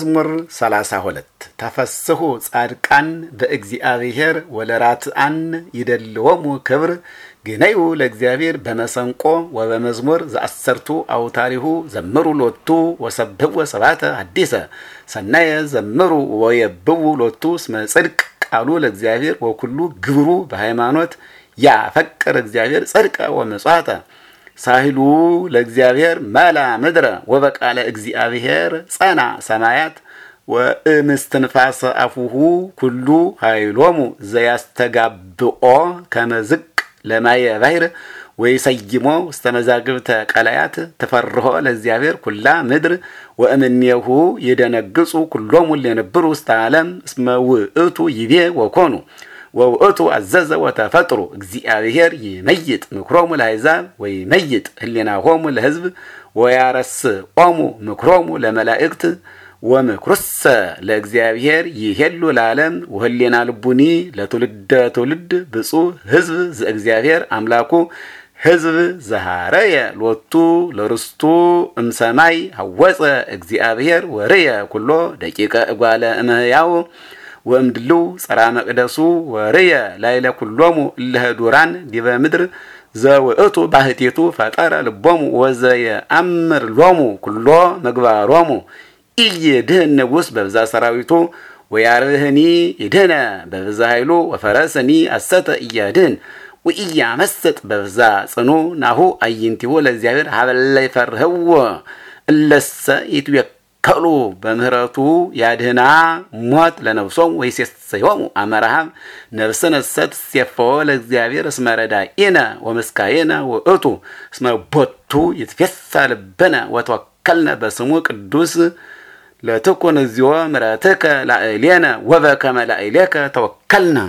መዝሙር 32 ተፈስሑ ጻድቃን በእግዚአብሔር ወለራትአን ይደልዎሙ ክብር ግነዩ ለእግዚአብሔር በመሰንቆ ወበመዝሙር ዘአሰርቱ አውታሪሁ ዘምሩ ሎቱ ወሰብሕዎ ሰባተ አዲሰ ሰናየ ዘምሩ ወየብቡ ሎቱ እስመ ጽድቅ ቃሉ ለእግዚአብሔር ወኩሉ ግብሩ በሃይማኖት ያፈቅር እግዚአብሔር ጽድቀ ወመጽዋተ ሳህሉ ለእግዚአብሔር መላ ምድረ ወበቃለ እግዚአብሔር ጸና ሰማያት ወእምስትንፋሰ አፉሁ ኩሉ ኃይሎሙ ዘያስተጋብኦ ከመዝቅ ለማየ ባሕር ወይሰይሞ ውስተ መዛግብተ ቀላያት ትፈርሆ ለእግዚአብሔር ኩላ ምድር ወእምኔሁ ይደነግጹ ኩሎሙ ሌንብር ውስተ ዓለም እስመ ውእቱ ይቤ ወኮኑ ወውእቱ አዘዘ ወተፈጥሩ እግዚአብሔር ይመይጥ ምክሮሙ ለአሕዛብ ወይመይጥ ህሊናሆሙ ለሕዝብ ወያረስዖሙ ምክሮሙ ለመላእክት ወምክሩሰ ለእግዚአብሔር ይሄሉ ለዓለም ወህሌና ልቡኒ ለትውልደ ትውልድ ብፁዕ ሕዝብ ዘእግዚአብሔር አምላኩ ሕዝብ ዘሃረየ ሎቱ ለርስቱ እምሰማይ ሐወፀ እግዚአብሔር ወርየ ኩሎ ደቂቀ እጓለ እምህያው ወእምድልው ጸራ መቅደሱ ወርየ ላይለ ኩሎሙ እለ ህዱራን ዲበ ምድር ዘውእቱ ባህቴቱ ፈጠረ ልቦሙ ወዘየአምር ሎሙ ኩሎ ምግባሮሙ ድህን ንጉስ በብዛ ሰራዊቱ ወያርህኒ ይድህነ በብዛ ኃይሉ ወፈረስኒ አሰተ እያድህን ወእያ ወኢያመሰጥ በብዛ ጽኑ ናሁ አዕይንቲሁ ለእግዚአብሔር ሀበላይ ይፈርህዎ እለሰ ይትዌ ተሉ በምህረቱ ያድህና ሞት ለነብሶም ወይሴትሰዮሙ አመራሃም ነብስነ ሰትሴፈወ ለእግዚአብሔር እስመ ኢነ ወመስካየነ ውእቱ እስመ ቦቱ ይትፌሳ ልብነ ወተወከልነ በስሙ ቅዱስ ለትኩን እግዚኦ ምሕረትከ ላዕሌነ ወበከመ ላዕሌከ ተወከልነ